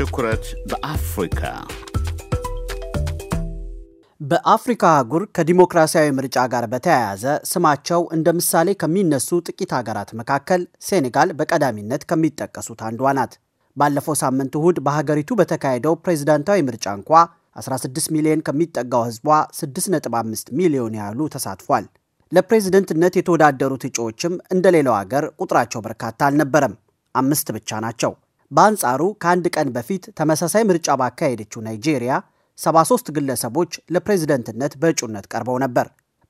ትኩረት በአፍሪካ በአፍሪካ አህጉር ከዲሞክራሲያዊ ምርጫ ጋር በተያያዘ ስማቸው እንደ ምሳሌ ከሚነሱ ጥቂት ሀገራት መካከል ሴኔጋል በቀዳሚነት ከሚጠቀሱት አንዷ ናት። ባለፈው ሳምንት እሁድ በሀገሪቱ በተካሄደው ፕሬዝዳንታዊ ምርጫ እንኳ 16 ሚሊዮን ከሚጠጋው ህዝቧ 6.5 ሚሊዮን ያህሉ ተሳትፏል። ለፕሬዝደንትነት የተወዳደሩት እጩዎችም እንደሌላው ሀገር ቁጥራቸው በርካታ አልነበረም፣ አምስት ብቻ ናቸው። በአንጻሩ ከአንድ ቀን በፊት ተመሳሳይ ምርጫ ባካሄደችው ናይጄሪያ 73 ግለሰቦች ለፕሬዝደንትነት በእጩነት ቀርበው ነበር።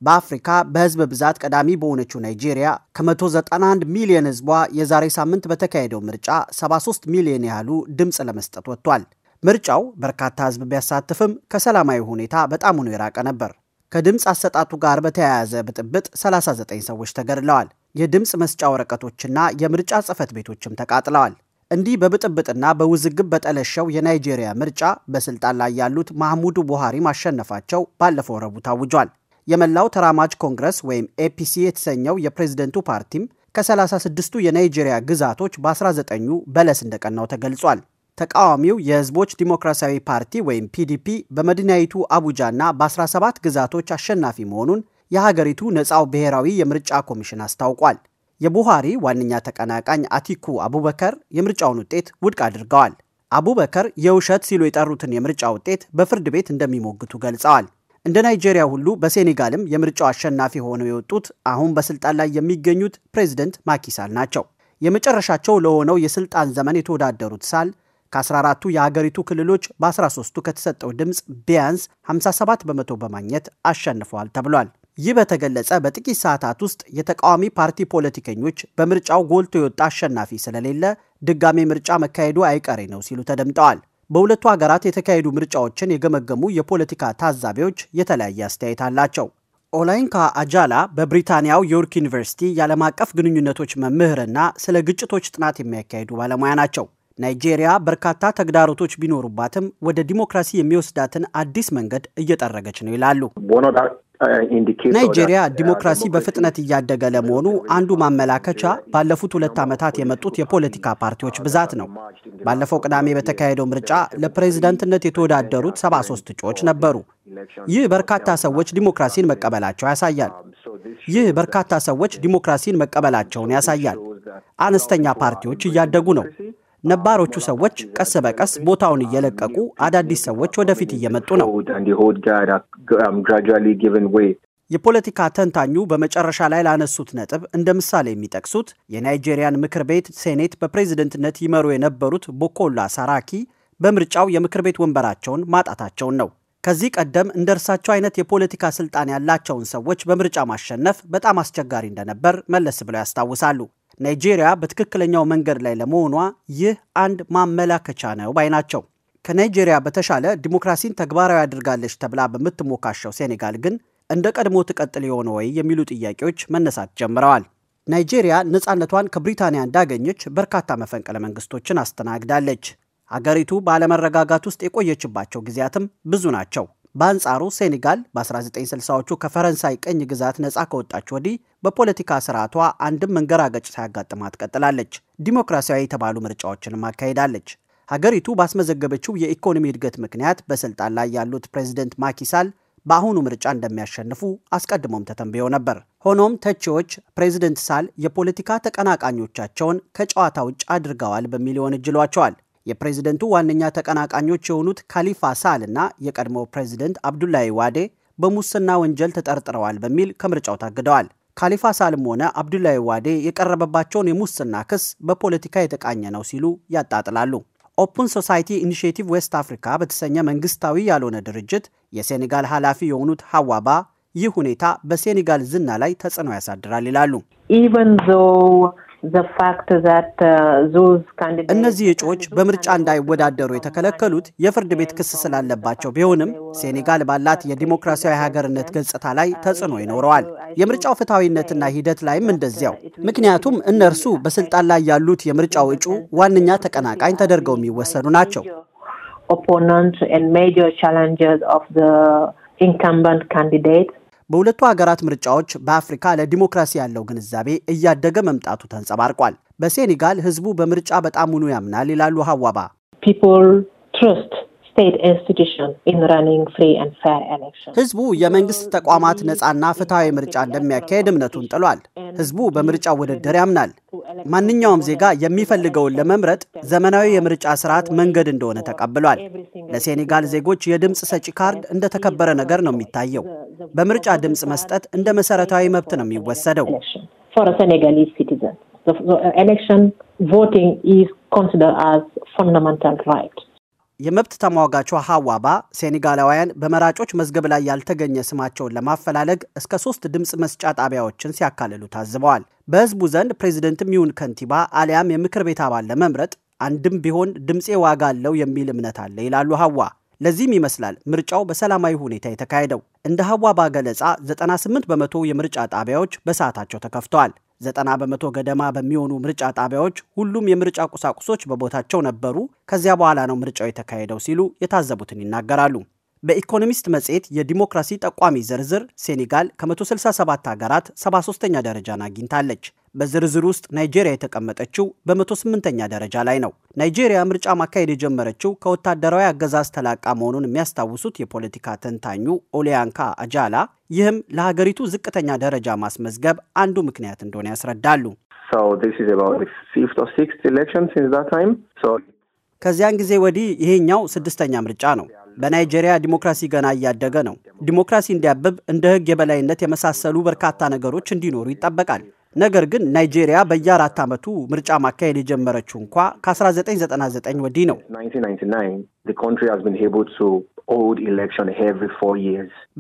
በአፍሪካ በህዝብ ብዛት ቀዳሚ በሆነችው ናይጄሪያ ከ191 ሚሊዮን ህዝቧ የዛሬ ሳምንት በተካሄደው ምርጫ 73 ሚሊዮን ያህሉ ድምፅ ለመስጠት ወጥቷል። ምርጫው በርካታ ህዝብ ቢያሳትፍም ከሰላማዊ ሁኔታ በጣም ሆኖ የራቀ ነበር። ከድምፅ አሰጣጡ ጋር በተያያዘ ብጥብጥ 39 ሰዎች ተገድለዋል። የድምፅ መስጫ ወረቀቶችና የምርጫ ጽህፈት ቤቶችም ተቃጥለዋል። እንዲህ በብጥብጥና በውዝግብ በጠለሸው የናይጄሪያ ምርጫ በስልጣን ላይ ያሉት ማህሙዱ ቡሃሪ ማሸነፋቸው ባለፈው ረቡዕ ታውጇል። የመላው ተራማጅ ኮንግረስ ወይም ኤፒሲ የተሰኘው የፕሬዝደንቱ ፓርቲም ከ36ቱ የናይጄሪያ ግዛቶች በ19ኙ በለስ እንደቀናው ተገልጿል። ተቃዋሚው የህዝቦች ዲሞክራሲያዊ ፓርቲ ወይም ፒዲፒ በመዲናይቱ አቡጃና በ17 ግዛቶች አሸናፊ መሆኑን የሀገሪቱ ነፃው ብሔራዊ የምርጫ ኮሚሽን አስታውቋል። የቡሃሪ ዋነኛ ተቀናቃኝ አቲኩ አቡበከር የምርጫውን ውጤት ውድቅ አድርገዋል። አቡበከር የውሸት ሲሉ የጠሩትን የምርጫ ውጤት በፍርድ ቤት እንደሚሞግቱ ገልጸዋል። እንደ ናይጄሪያ ሁሉ በሴኔጋልም የምርጫው አሸናፊ ሆነው የወጡት አሁን በስልጣን ላይ የሚገኙት ፕሬዚደንት ማኪሳል ናቸው። የመጨረሻቸው ለሆነው የስልጣን ዘመን የተወዳደሩት ሳል ከ14ቱ የሀገሪቱ ክልሎች በ13ቱ ከተሰጠው ድምፅ ቢያንስ 57 በመቶ በማግኘት አሸንፈዋል ተብሏል። ይህ በተገለጸ በጥቂት ሰዓታት ውስጥ የተቃዋሚ ፓርቲ ፖለቲከኞች በምርጫው ጎልቶ የወጣ አሸናፊ ስለሌለ ድጋሜ ምርጫ መካሄዱ አይቀሬ ነው ሲሉ ተደምጠዋል። በሁለቱ ሀገራት የተካሄዱ ምርጫዎችን የገመገሙ የፖለቲካ ታዛቢዎች የተለያየ አስተያየት አላቸው። ኦላይንካ አጃላ በብሪታንያው ዮርክ ዩኒቨርሲቲ የዓለም አቀፍ ግንኙነቶች መምህርና ስለ ግጭቶች ጥናት የሚያካሂዱ ባለሙያ ናቸው። ናይጄሪያ በርካታ ተግዳሮቶች ቢኖሩባትም ወደ ዲሞክራሲ የሚወስዳትን አዲስ መንገድ እየጠረገች ነው ይላሉ። ናይጄሪያ ዲሞክራሲ በፍጥነት እያደገ ለመሆኑ አንዱ ማመላከቻ ባለፉት ሁለት ዓመታት የመጡት የፖለቲካ ፓርቲዎች ብዛት ነው። ባለፈው ቅዳሜ በተካሄደው ምርጫ ለፕሬዝደንትነት የተወዳደሩት 73 እጩዎች ነበሩ። ይህ በርካታ ሰዎች ዲሞክራሲን መቀበላቸው ያሳያል። ይህ በርካታ ሰዎች ዲሞክራሲን መቀበላቸውን ያሳያል። አነስተኛ ፓርቲዎች እያደጉ ነው። ነባሮቹ ሰዎች ቀስ በቀስ ቦታውን እየለቀቁ አዳዲስ ሰዎች ወደፊት እየመጡ ነው። የፖለቲካ ተንታኙ በመጨረሻ ላይ ላነሱት ነጥብ እንደ ምሳሌ የሚጠቅሱት የናይጄሪያን ምክር ቤት ሴኔት በፕሬዝደንትነት ይመሩ የነበሩት ቦኮላ ሳራኪ በምርጫው የምክር ቤት ወንበራቸውን ማጣታቸውን ነው። ከዚህ ቀደም እንደ እርሳቸው አይነት የፖለቲካ ስልጣን ያላቸውን ሰዎች በምርጫ ማሸነፍ በጣም አስቸጋሪ እንደነበር መለስ ብለው ያስታውሳሉ። ናይጄሪያ በትክክለኛው መንገድ ላይ ለመሆኗ ይህ አንድ ማመላከቻ ነው ባይ ናቸው። ከናይጄሪያ በተሻለ ዲሞክራሲን ተግባራዊ አድርጋለች ተብላ በምትሞካሸው ሴኔጋል ግን እንደ ቀድሞ ትቀጥል የሆነ ወይ የሚሉ ጥያቄዎች መነሳት ጀምረዋል። ናይጄሪያ ነፃነቷን ከብሪታንያ እንዳገኘች በርካታ መፈንቅለ መንግስቶችን አስተናግዳለች። አገሪቱ ባለመረጋጋት ውስጥ የቆየችባቸው ጊዜያትም ብዙ ናቸው። በአንጻሩ ሴኔጋል በ1960ዎቹ ከፈረንሳይ ቅኝ ግዛት ነፃ ከወጣች ወዲህ በፖለቲካ ስርዓቷ አንድም መንገራገጭ ሳያጋጥማት ቀጥላለች። ዲሞክራሲያዊ የተባሉ ምርጫዎችንም አካሄዳለች። ሀገሪቱ ባስመዘገበችው የኢኮኖሚ እድገት ምክንያት በስልጣን ላይ ያሉት ፕሬዚደንት ማኪሳል በአሁኑ ምርጫ እንደሚያሸንፉ አስቀድሞም ተተንብዮ ነበር። ሆኖም ተቺዎች ፕሬዚደንት ሳል የፖለቲካ ተቀናቃኞቻቸውን ከጨዋታ ውጭ አድርገዋል በሚል ይወነጅሏቸዋል። የፕሬዝደንቱ ዋነኛ ተቀናቃኞች የሆኑት ካሊፋ ሳል እና የቀድሞ ፕሬዝደንት አብዱላይ ዋዴ በሙስና ወንጀል ተጠርጥረዋል በሚል ከምርጫው ታግደዋል። ካሊፋ ሳልም ሆነ አብዱላይ ዋዴ የቀረበባቸውን የሙስና ክስ በፖለቲካ የተቃኘ ነው ሲሉ ያጣጥላሉ። ኦፕን ሶሳይቲ ኢኒሽቲቭ ዌስት አፍሪካ በተሰኘ መንግስታዊ ያልሆነ ድርጅት የሴኔጋል ኃላፊ የሆኑት ሀዋባ ይህ ሁኔታ በሴኔጋል ዝና ላይ ተጽዕኖ ያሳድራል ይላሉ። Uh, እነዚህ እጩዎች በምርጫ እንዳይወዳደሩ የተከለከሉት የፍርድ ቤት ክስ ስላለባቸው ቢሆንም ሴኔጋል ባላት የዲሞክራሲያዊ ሀገርነት ገጽታ ላይ ተጽዕኖ ይኖረዋል። የምርጫው ፍትሐዊነትና ሂደት ላይም እንደዚያው። ምክንያቱም እነርሱ በስልጣን ላይ ያሉት የምርጫው እጩ ዋነኛ ተቀናቃኝ ተደርገው የሚወሰዱ ናቸው። ኦፖነንት and major challenges of the በሁለቱ ሀገራት ምርጫዎች በአፍሪካ ለዲሞክራሲ ያለው ግንዛቤ እያደገ መምጣቱ ተንጸባርቋል። በሴኔጋል ህዝቡ በምርጫ በጣም ውኑ ያምናል ይላሉ ሀዋባ ህዝቡ የመንግስት ተቋማት ነፃና ፍትሐዊ ምርጫ እንደሚያካሄድ እምነቱን ጥሏል። ህዝቡ በምርጫ ውድድር ያምናል። ማንኛውም ዜጋ የሚፈልገውን ለመምረጥ ዘመናዊ የምርጫ ስርዓት መንገድ እንደሆነ ተቀብሏል። ለሴኔጋል ዜጎች የድምፅ ሰጪ ካርድ እንደተከበረ ነገር ነው የሚታየው። በምርጫ ድምፅ መስጠት እንደ መሰረታዊ መብት ነው የሚወሰደው። ኤሌክሽን ቮቲንግ ኢዝ ኮንሲደርድ አዝ ፈንዳመንታል ራይት የመብት ተሟጋቿ ሀዋባ ሴኔጋላውያን በመራጮች መዝገብ ላይ ያልተገኘ ስማቸውን ለማፈላለግ እስከ ሶስት ድምፅ መስጫ ጣቢያዎችን ሲያካልሉ ታዝበዋል። በህዝቡ ዘንድ ፕሬዚደንትም ይሁን ከንቲባ አሊያም የምክር ቤት አባል ለመምረጥ አንድም ቢሆን ድምፄ ዋጋ አለው የሚል እምነት አለ ይላሉ ሀዋ። ለዚህም ይመስላል ምርጫው በሰላማዊ ሁኔታ የተካሄደው። እንደ ሀዋባ ገለጻ 98 በመቶ የምርጫ ጣቢያዎች በሰዓታቸው ተከፍተዋል። ዘጠና በመቶ ገደማ በሚሆኑ ምርጫ ጣቢያዎች ሁሉም የምርጫ ቁሳቁሶች በቦታቸው ነበሩ። ከዚያ በኋላ ነው ምርጫው የተካሄደው ሲሉ የታዘቡትን ይናገራሉ። በኢኮኖሚስት መጽሔት የዲሞክራሲ ጠቋሚ ዝርዝር ሴኔጋል ከ167 ሀገራት 73ኛ ደረጃን አግኝታለች። በዝርዝር ውስጥ ናይጄሪያ የተቀመጠችው በ108ኛ ደረጃ ላይ ነው። ናይጄሪያ ምርጫ ማካሄድ የጀመረችው ከወታደራዊ አገዛዝ ተላቃ መሆኑን የሚያስታውሱት የፖለቲካ ተንታኙ ኦሊያንካ አጃላ፣ ይህም ለሀገሪቱ ዝቅተኛ ደረጃ ማስመዝገብ አንዱ ምክንያት እንደሆነ ያስረዳሉ። ከዚያን ጊዜ ወዲህ ይሄኛው ስድስተኛ ምርጫ ነው። በናይጄሪያ ዲሞክራሲ ገና እያደገ ነው። ዲሞክራሲ እንዲያብብ እንደ ህግ የበላይነት የመሳሰሉ በርካታ ነገሮች እንዲኖሩ ይጠበቃል። ነገር ግን ናይጄሪያ በየአራት ዓመቱ ምርጫ ማካሄድ የጀመረችው እንኳ ከ1999 ወዲህ ነው።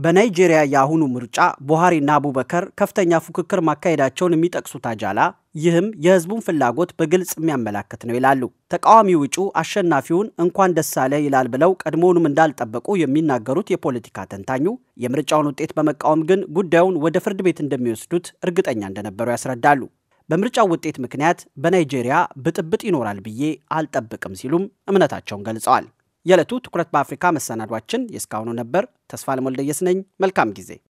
በናይጄሪያ የአሁኑ ምርጫ ቡሃሪና አቡበከር ከፍተኛ ፉክክር ማካሄዳቸውን የሚጠቅሱት አጃላ ይህም የህዝቡን ፍላጎት በግልጽ የሚያመላክት ነው ይላሉ። ተቃዋሚ ውጩ አሸናፊውን እንኳን ደስ አለ ይላል ብለው ቀድሞውንም እንዳልጠበቁ የሚናገሩት የፖለቲካ ተንታኙ የምርጫውን ውጤት በመቃወም ግን ጉዳዩን ወደ ፍርድ ቤት እንደሚወስዱት እርግጠኛ እንደነበሩ ያስረዳሉ። በምርጫው ውጤት ምክንያት በናይጄሪያ ብጥብጥ ይኖራል ብዬ አልጠብቅም ሲሉም እምነታቸውን ገልጸዋል። የዕለቱ ትኩረት በአፍሪካ መሰናዷችን የእስካሁኑ ነበር። ተስፋ ለሞልደየስ ነኝ። መልካም ጊዜ